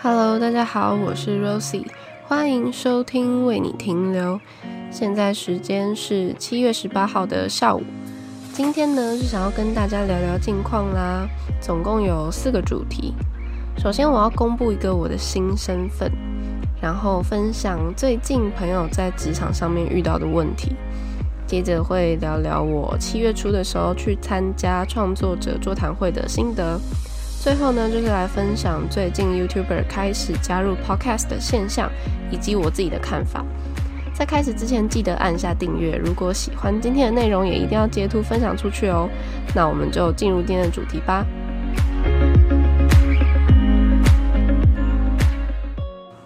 Hello，大家好，我是 Rosie，歡迎收聽《為你停留》。現在時間是七月十八號的下午。今天呢，是想要跟大家聊聊近況啦。總共有四個主題。首先，我要公布一個我的新身份，然後分享最近朋友在職場上面遇到的問題。接着會聊聊我七月初的時候去參加創作者座談會的心得，最後呢就是來分享最近 YouTuber 開始加入 Podcast 的現象，以及我自己的看法。在開始之前，記得按下訂閱。如果喜歡今天的內容，也一定要截圖分享出去哦。那我們就進入今天的主題吧。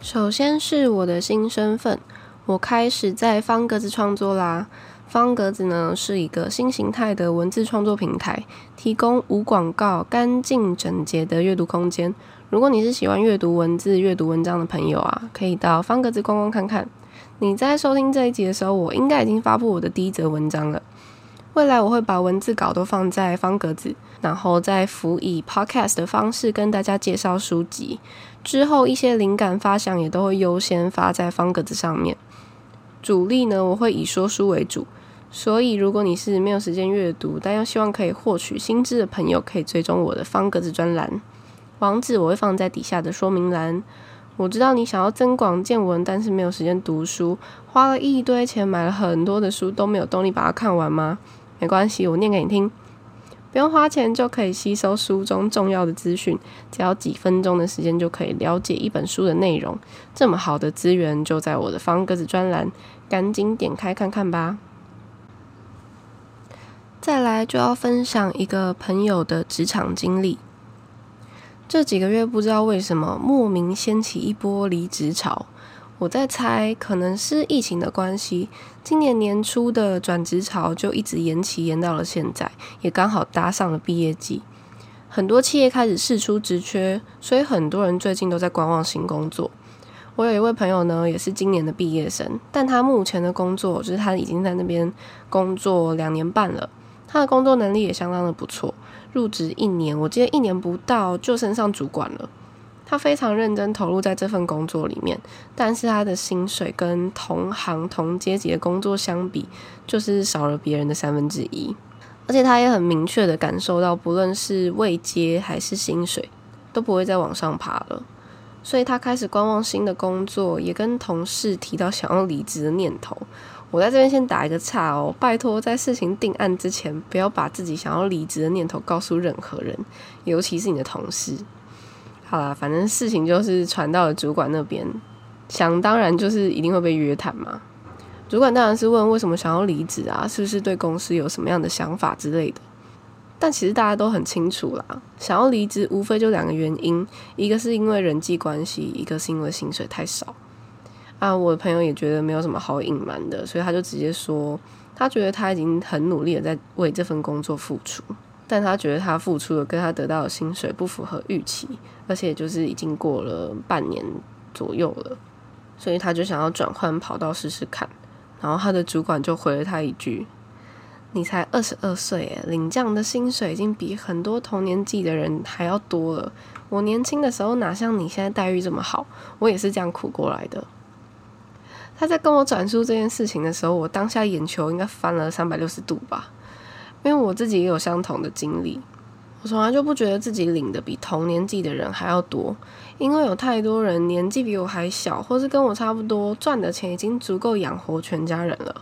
首先是我的新身份，我開始在方格子創作啦。方格子呢是一個新形態的文字創作平台，提供無廣告、乾淨整潔的閱讀空間。如果你是喜歡閱讀文字、閱讀文章的朋友啊，可以到方格子逛逛看看。你在收聽這一集的時候，我應該已經發布我的第一則文章了。未來我會把文字稿都放在方格子，然後再輔以 podcast 的方式跟大家介紹書籍。之後一些靈感發想也都會優先發在方格子上面。主力呢，我會以說書為主。所以，如果你是沒有時間閱讀，但又希望可以獲取新知的朋友，可以追蹤我的方格子專欄，網址我會放在底下的說明欄。我知道你想要增廣見聞，但是沒有時間讀書，花了一堆錢買了很多的書，都沒有動力把它看完嗎？沒關係，我念給你聽，不用花錢就可以吸收書中重要的資訊，只要幾分鐘的時間就可以了解一本書的內容。這麼好的資源就在我的方格子專欄，趕緊點開看看吧。再來就要分享一個朋友的職場經歷。這幾個月不知道為什麼莫名掀起一波離職潮，我在猜可能是疫情的關係。今年年初的轉職潮就一直延期，延到了現在，也剛好搭上了畢業季。很多企業開始釋出職缺，所以很多人最近都在觀望新工作。我有一位朋友呢，也是今年的畢業生，但他目前的工作就是他已經在那邊工作兩年半了。他的工作能力也相當的不錯，入職一年，我記得一年不到就升上主管了。他非常認真投入在這份工作裡面，但是他的薪水跟同行同階級的工作相比，就是少了別人的三分之一。而且他也很明確的感受到，不論是位階還是薪水，都不會再往上爬了。所以他開始觀望新的工作，也跟同事提到想要離職的念頭。我在這邊先打一個岔哦，拜托，在事情定案之前，不要把自己想要離職的念頭告訴任何人，尤其是你的同事。好啦，反正事情就是傳到了主管那邊，想當然就是一定會被約談嘛。主管當然是問為什麼想要離職啊，是不是對公司有什麼樣的想法之類的。但其實大家都很清楚啦，想要離職無非就兩個原因，一個是因為人際關係，一個是因為薪水太少。啊，我的朋友也覺得沒有什麼好隱瞞的，所以他就直接說，他覺得他已經很努力的在為這份工作付出，但他覺得他付出的跟他得到的薪水不符合預期，而且就是已經過了半年左右了，所以他就想要轉換跑道試試看。然後他的主管就回了他一句：“你才二十二歲耶，領這樣的薪水已經比很多同年紀的人還要多了。我年輕的時候哪像你現在待遇這麼好？我也是這樣苦過來的。”他在跟我轉述這件事情的時候，我當下眼球應該翻了三百六十度吧？因為我自己也有相同的經歷。我從來就不覺得自己領的比同年紀的人還要多，因為有太多人年紀比我還小，或是跟我差不多，賺的錢已經足夠養活全家人了。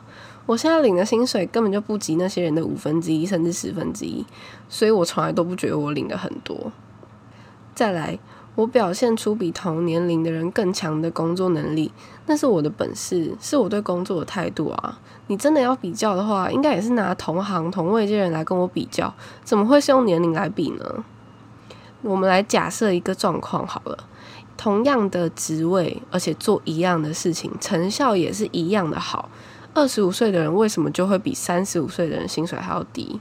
我現在領的薪水根本就不及那些人的五分之一，甚至十分之一，所以我從來都不覺得我領的很多。再來。我表現出比同年齡的人更強的工作能力，那是我的本事，是我對工作的態度啊！你真的要比較的話，應該也是拿同行、同位階人來跟我比較，怎麼會是用年齡來比呢？我們來假設一個狀況好了，同樣的職位，而且做一樣的事情，成效也是一樣的好，二十五歲的人為什麼就會比三十五歲的人薪水還要低？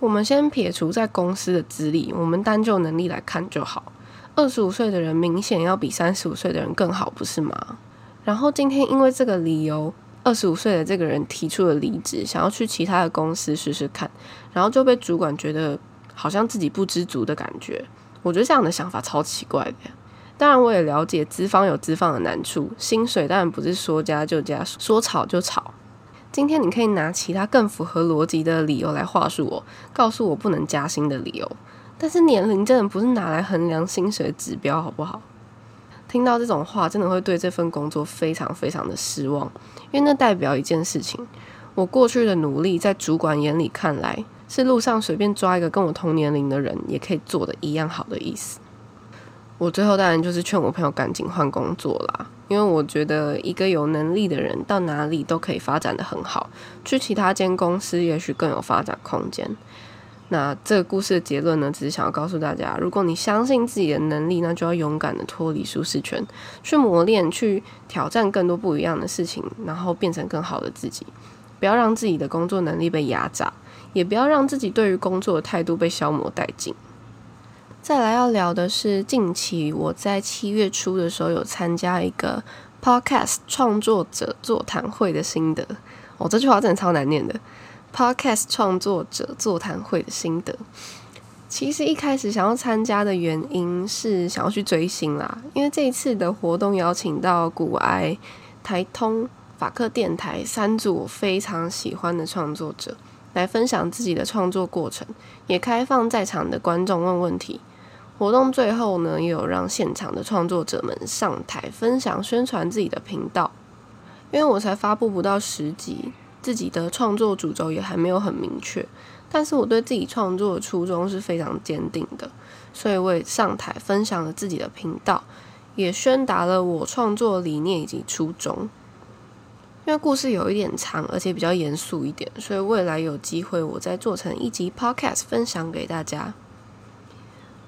我們先撇除在公司的資歷，我們單就能力來看就好。二十五歲的人明顯要比三十五歲的人更好，不是嗎？然後今天因為這個理由，二十五歲的這個人提出了離職，想要去其他的公司試試看，然後就被主管覺得好像自己不知足的感覺。我覺得這樣的想法超奇怪的呀。當然，我也了解資方有資方的難處，薪水當然不是說加就加，說炒就炒。今天你可以拿其他更符合邏輯的理由來話術我，告訴我不能加薪的理由。但是年齡真的不是拿來衡量薪水的指標，好不好？聽到這種話，真的會對這份工作非常非常的失望，因為那代表一件事情：我過去的努力，在主管眼裡看來，是路上隨便抓一個跟我同年齡的人也可以做的一樣好的意思。我最後當然就是勸我朋友趕緊換工作啦，因為我覺得一個有能力的人到哪裡都可以發展得很好，去其他間公司也許更有發展空間。那這個故事的結論呢，只是想要告訴大家，如果你相信自己的能力，那就要勇敢的脫離舒適圈，去磨練，去挑戰更多不一樣的事情，然後變成更好的自己。不要讓自己的工作能力被壓榨，也不要讓自己對於工作的態度被消磨殆盡。再來要聊的是，近期我在七月初的時候有參加一個 Podcast 創作者座談會的心得。哦，這句話真的超難念的。Podcast 創作者座談會的心得，其實一開始想要參加的原因是想要去追星啦，因為這一次的活動邀請到股癌、台通、法客電台三組我非常喜歡的創作者來分享自己的創作過程，也開放在場的觀眾問問題。活動最後呢，也有讓現場的創作者們上台分享、宣傳自己的頻道，因為我才發布不到十集，自己的創作主軸也還沒有很明確，但是我對自己創作的初衷是非常堅定的，所以我也上台分享了自己的頻道，也宣達了我創作理念以及初衷。因為故事有一點長，而且比較嚴肅一點，所以未來有機會我再做成一集 podcast 分享給大家。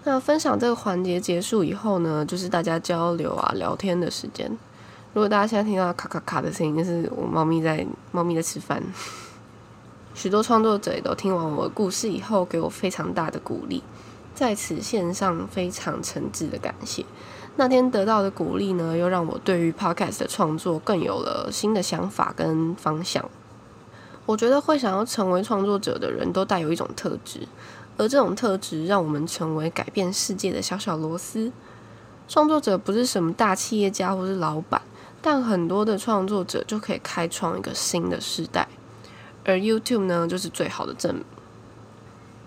那分享這個環節結束以後呢，就是大家交流啊，聊天的時間。如果大家現在聽到卡卡卡的聲音，就是我貓咪在貓咪在吃飯。許多創作者也都聽完我的故事以後，給我非常大的鼓勵，在此獻上非常誠摯的感謝。那天得到的鼓勵呢，又讓我對於 Podcast 的創作更有了新的想法跟方向。我覺得會想要成為創作者的人都帶有一種特質，而這種特質讓我們成為改變世界的小小螺絲。創作者不是什麼大企業家或是老闆。但很多的創作者就可以開創一個新的時代，而 YouTube 呢，就是最好的證明。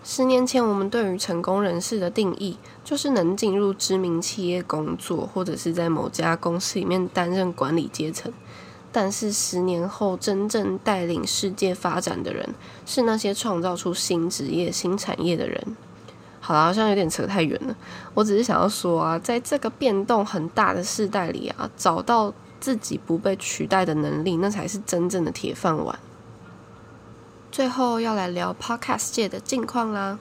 十年前，我們對於成功人士的定義，就是能進入知名企業工作，或者是在某家公司裡面擔任管理階層。但是，十年後，真正帶領世界發展的人，是那些創造出新職業、新產業的人。好啦，好像有點扯太遠了。我只是想要說啊，在這個變動很大的時代裡啊，找到自己不被取代的能力，那才是真正的鐵飯碗。最後要來聊 podcast 界的近況啦。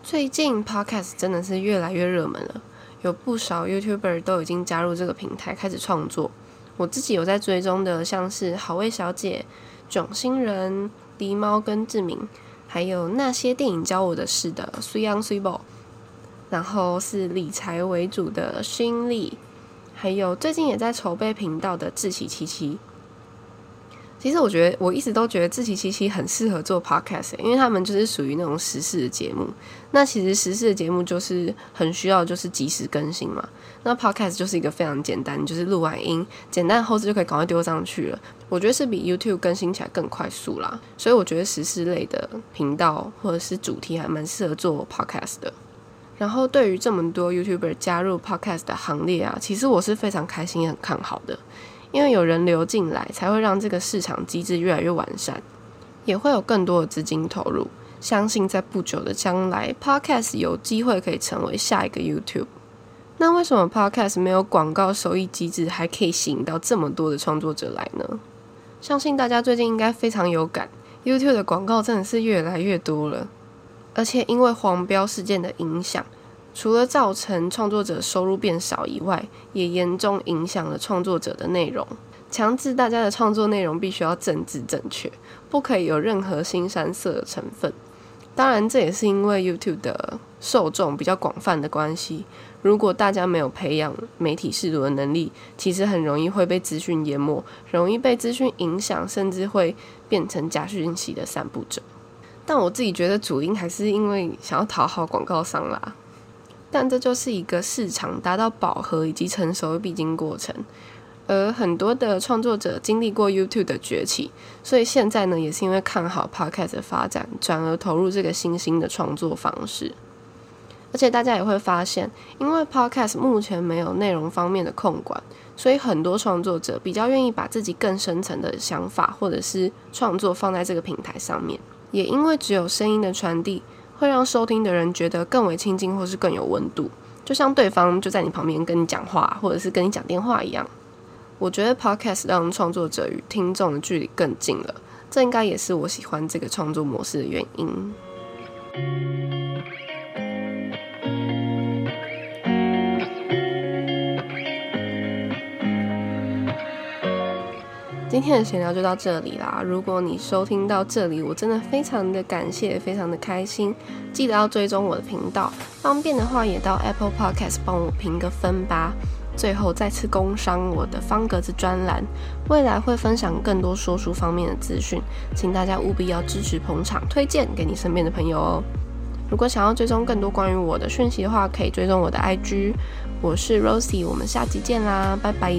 最近 podcast 真的是越來越熱門了，有不少 YouTuber 都已經加入這個平台開始創作。我自己有在追蹤的，像是好味小姐、囧星人、狸貓跟志銘，還有那些電影教我的事的水尢水某，然後是理財為主的新力。還有最近也在籌備頻道的志祺七七，其實我覺得我一直都覺得志祺七七很適合做 podcast 欸，因為他們就是屬於那種時事的節目。那其實時事的節目就是很需要就是及時更新嘛，那 podcast 就是一個非常簡單，就是錄完音，簡單後製就可以趕快丟上去了。我覺得是比 YouTube 更新起來更快速啦，所以我覺得時事類的頻道或者是主題還蠻適合做 podcast 的。然後，對於這麼多 YouTuber 加入 Podcast 的行列啊，其實我是非常開心、也很看好的，因為有人流進來，才會讓這個市場機制越來越完善，也會有更多的資金投入。相信在不久的將來，Podcast 有機會可以成為下一個 YouTube。那為什麼 Podcast 沒有廣告收益機制，還可以吸引到這麼多的創作者來呢？相信大家最近應該非常有感，YouTube 的廣告真的是越來越多了，而且因為黃標事件的影響。除了造成創作者收入變少以外，也嚴重影響了創作者的內容，強制大家的創作內容必須要政治正確，不可以有任何腥羶色的成分。當然，這也是因為 YouTube 的受眾比較廣泛的關係。如果大家沒有培養媒體識讀的能力，其實很容易會被資訊淹沒，容易被資訊影響，甚至會變成假訊息的散布者。但我自己覺得主因還是因為想要討好廣告商啦。但這就是一個市場達到飽和以及成熟的必經過程，而很多的創作者經歷過 YouTube 的崛起，所以現在呢，也是因為看好 Podcast 的發展，轉而投入這個新興的創作方式。而且大家也會發現，因為 Podcast 目前沒有內容方面的控管，所以很多創作者比較願意把自己更深層的想法或者是創作放在這個平台上面。也因為只有聲音的傳遞。會讓收聽的人覺得更為親近，或是更有溫度。就像對方就在你旁邊跟你講話，或者是跟你講電話一樣。我覺得 Podcast 讓創作者與聽眾的距離更近了，這應該也是我喜歡這個創作模式的原因。今天的閒聊就到這裡啦！如果你收聽到這裡，我真的非常的感謝，非常的開心。記得要追蹤我的頻道，方便的話也到 Apple Podcast 幫我評個分吧。最後再次工商我的方格子專欄，未來會分享更多說書方面的資訊，請大家務必要支持捧場，推薦給你身邊的朋友哦。如果想要追蹤更多關於我的訊息的話，可以追蹤我的 IG，我是 Rosie，我們下集見啦，拜拜。